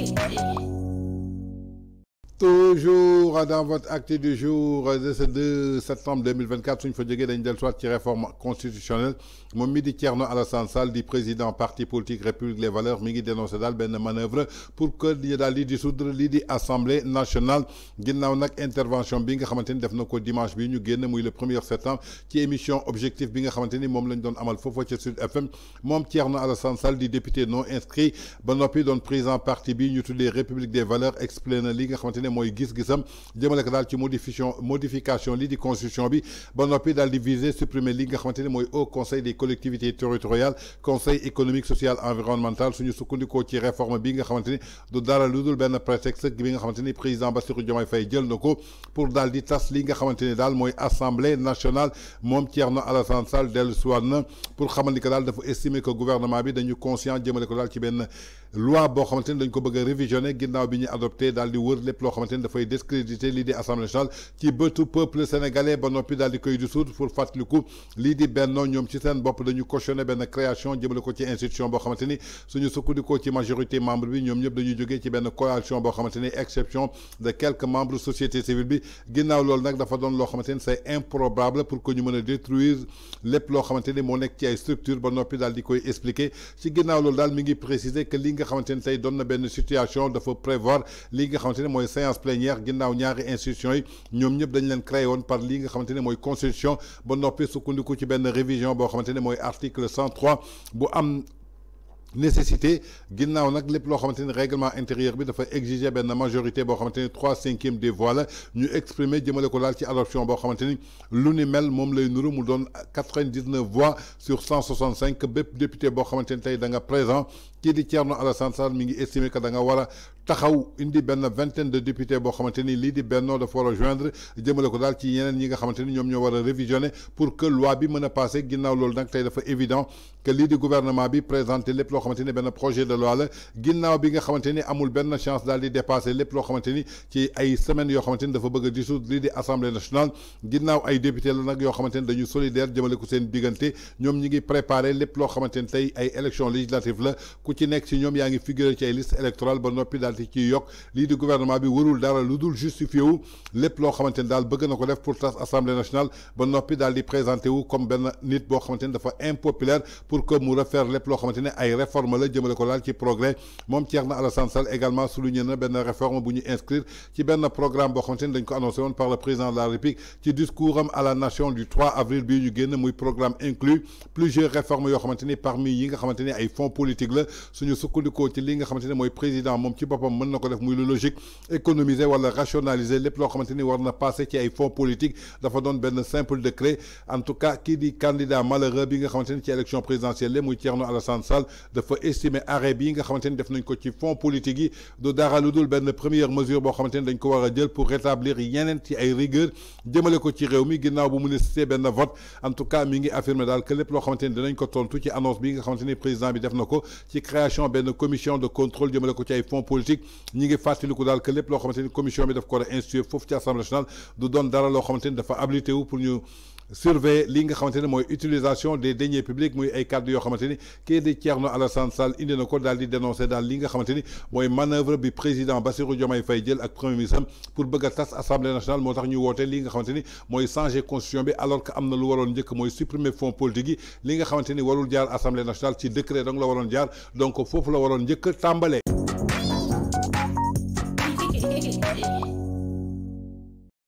Yeah. toujours dans votre acte du jour de ce 2 septembre 2024 suñ fa jógee dañ del soit ci réforme constitutionnelle mon midi tierno à Alassane salle di président parti politique République les valeurs mi ngi dénoncé daal manœuvre pour que ñu daal di dissoudre lii di assemblée nationale ginnaaw intervention bi nga xamante def na dimanche bi ñu génn muy le septembre ci émission objectif bi nga xamante ni lañ amal foofa ci Sud FM tierno à Alassane salle di député non inscrit ba noppi doon président parti bi ñu les République des valeurs explique na li nga ne mooy gis-gisam jëmale ko dal ci modification modification li di constitution bi ba nopi dal di viser supprimer li nga xamanteni moy haut conseil des collectivités territoriales conseil économique social environnemental suñu sukkandikoo ci réforme bi nga xamanteni du dara lu ben benn prétexte bi nga xamanteni président Bassirou Diomaye Faye jël nako pour dal di tas li nga xamanteni dal moy assemblée nationale mom tierno Alassane Sall dellu siwaat pour xamal ni que daal dafa estimer que gouvernement bi dañu conscient jëmale ko dal ci ben loi bo xamanteni dañ ko bëgg révisioner ginnaw bi ñi adopté dal di wër lepp lo xamanteni da fay discréditer li di assemblée nationale ci bëtu peuple sénégalais ba nopi dal di koy dissoudre pour fatlikou li di benno ñom ci seen bop dañu cautionner benn création jëmale ko ci institution boo xamante ni suñu sukkandikoo ci majorité membre bi ñom ñep dañu joggé ci benn coalition bo xamanteni exception de quelques membres société civile bi ginnaw lool nak dafa doon lo xamanteni c'est improbable pour que ñu mëna détruire lepp lo xamanteni mo moo nekk ci ay structure ba nopi dal di koy expliquer ci ginnaw lool dal mi ngi préciser que li nga xamante ni situation dafa prévoir li nga xamante moy séance plénière ginnaw ñaari institution yi ñoom dañ leen créé par li nga xamante ne mooy constitution ba noppi sukkandiku ci ben révision bo xamante moy article 103 bu am nécessité ginnaw nak lepp lo xamanteni règlement intérieur bi dafa exiger ben majorité bo xamanteni 3 trois e des voix la ñu exprimer jëmele ko dal ci adoption bo xamanteni ni lu ni mel mom lay nuru mu don 99 voix sur 165 bép député dans xamanteni tay da nga présent kii di Thierno Alassane Sall mi ngi estimer que da nga wara taxaw indi ben vingtaine de députés bo xamanteni li di Benno dafa war a joindre jëmale ko daal ci yeneen ñi nga xamanteni ñom ñoo wara a révisionner pour que loi bi mëna passer ginnaw lool nak tay dafa évident que li di gouvernement bi présenter lepp lo xamanteni ben projet de loi la ginnaw bi nga xamanteni amul ben chance dal di dépasser lepp lo xamanteni ci ay semaine yo xamanteni dafa bëgg a dissoudre li di assemblée nationale ginnaw ay député la nak yo xamanteni ni dañu solidaire jëmale ko seen diggante ñom ñi ngi préparer lepp lo xamanteni tay ay élections législatives la ku ci nekk ci ñoom yaa ngi ci ay liste électorale ba noppi daal di ciy yokk lii di gouvernement bi warul dara lu dul justifié wu lépp loo xamante ni daal bëgg na ko def pour tas assemblée nationale ba noppi daal di présenté wu comme benn nit boo xamante ni dafa impopulaire pour que mu refaire lépp loo xamante ne ay réforme la jëmale ko daal ci progrès moom Thierno Alassane Sall également souligné na benn réforme bu ñu inscrire ci benn programme boo xamante dañ ko annoncé woon par le président de la République ci discours am à la nation du 3 avril bii ñu génn muy programme inclus plusieurs réformes yoo xamante ni parmi yi nga xamante ni ay fonds politique la suñu sukkandikoo ci li nga xamanteni moy président mom ci bopam mën nako def muy lu logique économiser wala rationaliser lepp lo xamanteni war na passer ci ay fonds politiques dafa don ben simple décret en tout cas ki di candidat malheureux bi nga xamanteni ci élection présidentielle le muy Tierno Alassane Sall dafa estimer arrêt bi nga xamanteni def nañ ko ci fonds politiques yi do dara ludul ben première mesure bo xamanteni dañ ko wara jël pour rétablir yenen ci ay rigueur jëmele ko ci réew mi ginnaaw bu mu ne ben vote en tout cas mi ngi affirmer dal que lepp lo xamanteni dañ ko tontu ci annonce bi nga xamanteni président bi def nako ci création la commission de contrôle du ko et fonds politique ñi ngi commission de daf ko nationale Nous avons dara la habilité pour nous surveiller li nga xamanteni moy utilisation des deniers publics muy ay cadres yoo xamante ni kii di Thierno Alassane Sall indi na ko dal di dénoncer dal li nga xamanteni moy manœuvre bi président Bassirou Diomaye Faye jël ak premier ministre pour bëgg tass assemblée nationale moo tax ñu woté li nga xamanteni moy changer constitution bi alors que amna lu waroon jëk moy supprimer fonds politique yi li nga xamanteni warul jaar assemblée nationale ci décret donc la waroon jaar donc fofu la waroon jëk tambalé